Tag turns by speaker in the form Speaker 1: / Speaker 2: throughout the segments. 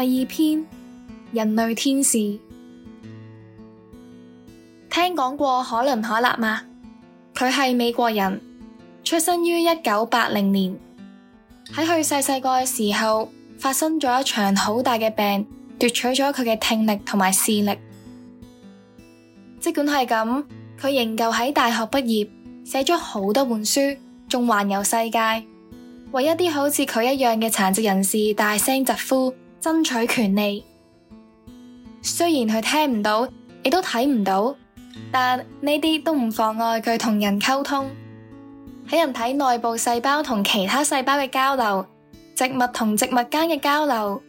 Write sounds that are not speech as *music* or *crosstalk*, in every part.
Speaker 1: 第二篇人類天使，聽講過可倫可納嗎？佢係美國人，出生於一九八零年。喺佢細細個嘅時候，發生咗一場好大嘅病，奪取咗佢嘅聽力同埋視力。盡管係咁，佢仍舊喺大學畢業，寫咗好多本書，仲環遊世界，為一啲好似佢一樣嘅殘疾人士大聲疾呼。爭取權利，雖然佢聽唔到，亦都睇唔到，但呢啲都唔妨礙佢同人溝通。喺人體內部細胞同其他細胞嘅交流，植物同植物間嘅交流，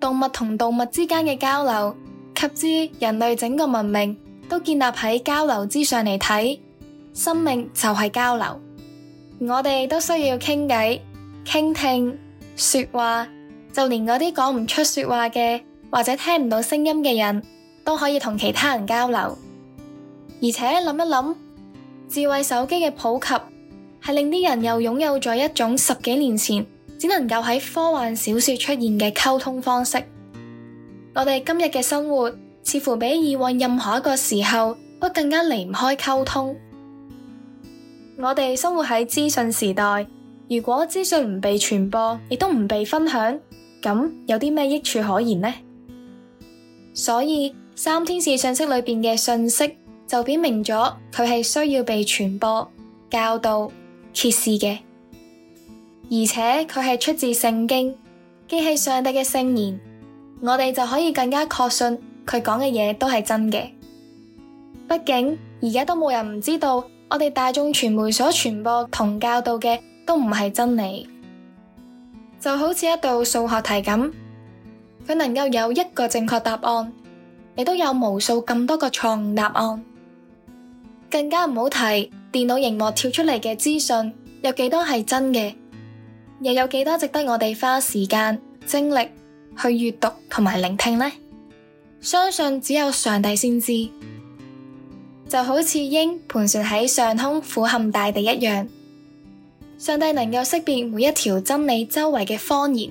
Speaker 1: 動物同動物之間嘅交流，及至人類整個文明都建立喺交流之上嚟睇，生命就係交流。我哋都需要傾偈、傾聽、說話。就連嗰啲講唔出說話嘅，或者聽唔到聲音嘅人都可以同其他人交流。而且諗一諗，智慧手機嘅普及係令啲人又擁有咗一種十幾年前只能夠喺科幻小說出現嘅溝通方式。我哋今日嘅生活似乎比以往任何一個時候都更加離唔開溝通。 *noise* 我哋生活喺資訊時代，如果資訊唔被傳播，亦都唔被分享，咁有啲咩益處可言呢？所以三天使信息裏邊嘅信息就表明咗佢係需要被傳播、教導、揭示嘅，而且佢係出自聖經，既係上帝嘅聖言，我哋就可以更加確信佢講嘅嘢都係真嘅。畢竟而家都冇人唔知道，我哋大眾傳媒所傳播同教導嘅都唔係真理。就好似一道數學題咁，佢能夠有一個正確答案，亦都有無數咁多個錯誤答案。更加唔好提電腦熒幕跳出嚟嘅資訊，有幾多係真嘅，又有幾多值得我哋花時間精力去閱讀同埋聆聽呢？相信只有上帝先知。就好似鷹盤旋喺上空俯瞰大地一樣。上帝能夠識別每一條真理周圍嘅謊言，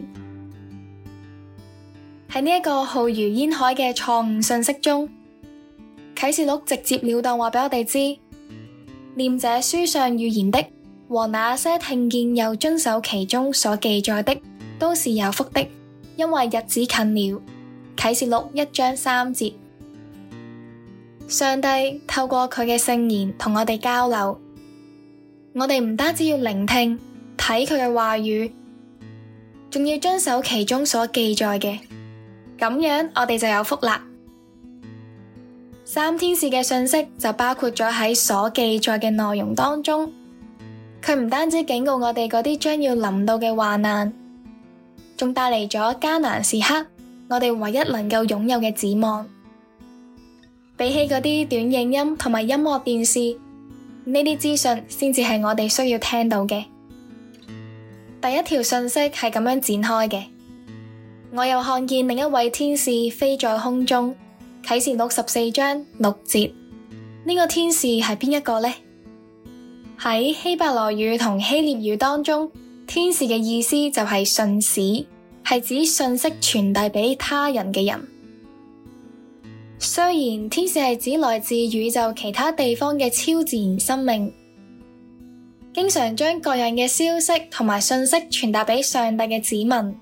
Speaker 1: 喺呢一個浩如煙海嘅錯誤信息中，啟示錄直接了當話畀我哋知：念這書上預言的和那些聽見又遵守其中所記載的，都是有福的，因為日子近了。啟示錄一章三節，上帝透過佢嘅聖言同我哋交流。我哋唔單止要聆聽睇佢嘅話語，仲要遵守其中所記載嘅，咁樣我哋就有福啦。三天使嘅信息就包括咗喺所記載嘅內容當中，佢唔單止警告我哋嗰啲將要臨到嘅患難，仲帶嚟咗艱難時刻我哋唯一能夠擁有嘅指望。比起嗰啲短影音同埋音樂電視。呢啲資訊先至係我哋需要聽到嘅。第一條信息係咁樣展開嘅。我又看見另一位天使飛在空中，啟示錄十四章六節。呢、這個天使係邊一個呢？喺希伯來語同希臘語當中，天使嘅意思就係信使，係指信息傳遞畀他人嘅人。雖然天使係指來自宇宙其他地方嘅超自然生命，經常將各樣嘅消息同埋信息傳達俾上帝嘅子民，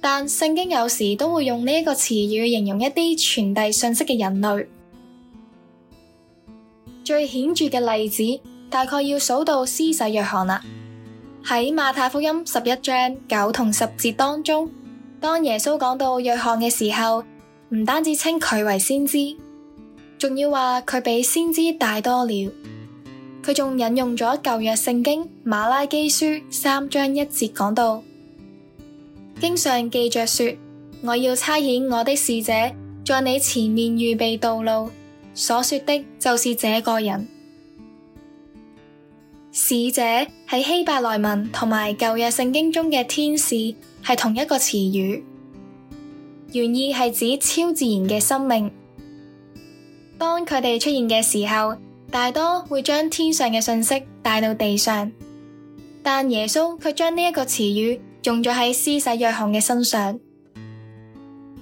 Speaker 1: 但聖經有時都會用呢一個詞語形容一啲傳遞信息嘅人類。最顯著嘅例子，大概要數到施洗約翰啦。喺馬太福音十一章九同十節當中，當耶穌講到約翰嘅時候，唔單止稱佢為先知，仲要話佢比先知大多了。佢仲引用咗舊約聖經馬拉基書三章一節講到：經上記着說，我要差遣我的使者在你前面預備道路。所說的就是這個人。使者喺希伯來文同埋舊約聖經中嘅天使係同一個詞語。原意係指超自然嘅生命。當佢哋出現嘅時候，大多會將天上嘅信息帶到地上。但耶穌卻將呢一個詞語用咗喺施洗約翰嘅身上，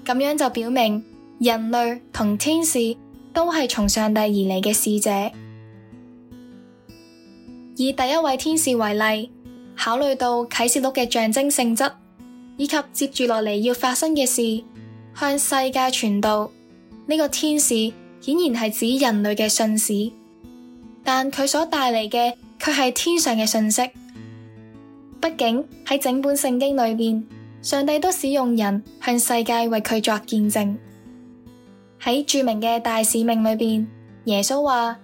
Speaker 1: 咁樣就表明人類同天使都係從上帝而嚟嘅使者。以第一位天使為例，考慮到啟示錄嘅象徵性質，以及接住落嚟要發生嘅事。向世界傳道，呢、這個天使顯然係指人類嘅信使，但佢所帶嚟嘅卻係天上嘅信息。畢竟喺整本聖經裏邊，上帝都使用人向世界為佢作見證。喺著名嘅大使命裏邊，耶穌話：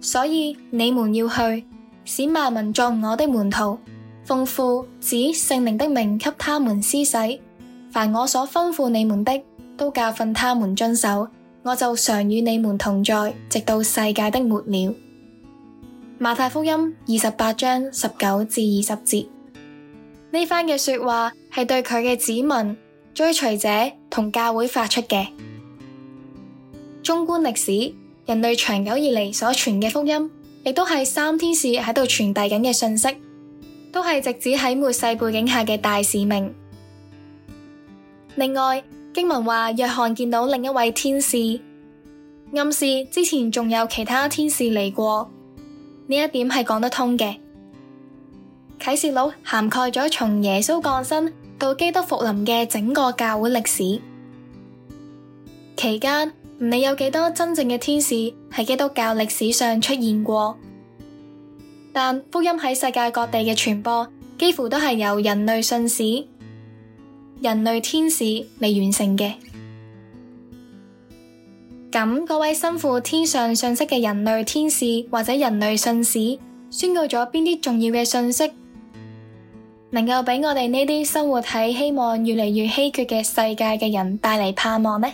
Speaker 1: 所以你們要去，使萬民作我的門徒，奉父、子、聖靈的名，給他們施洗。凡我所吩咐你們的，都教訓他們遵守。我就常與你們同在，直到世界的末了。馬太福音二十八章十九至二十節。呢番嘅說話係對佢嘅子民追隨者同教會發出嘅。縱觀歷史，人類長久以嚟所傳嘅福音，亦都係三天使喺度傳遞緊嘅信息，都係直指喺末世背景下嘅大使命。另外，經文話約翰見到另一位天使，暗示之前仲有其他天使嚟過。呢一點係講得通嘅。啟示錄涵蓋咗從耶穌降生到基督復臨嘅整個教會歷史。期間唔理有幾多真正嘅天使喺基督教歷史上出現過，但福音喺世界各地嘅傳播，幾乎都係由人類信使人類天使嚟完成嘅，咁各位身負天上信息嘅人類天使或者人類信使，宣告咗邊啲重要嘅信息，能夠畀我哋呢啲生活喺希望越嚟越稀缺嘅世界嘅人帶嚟盼望呢？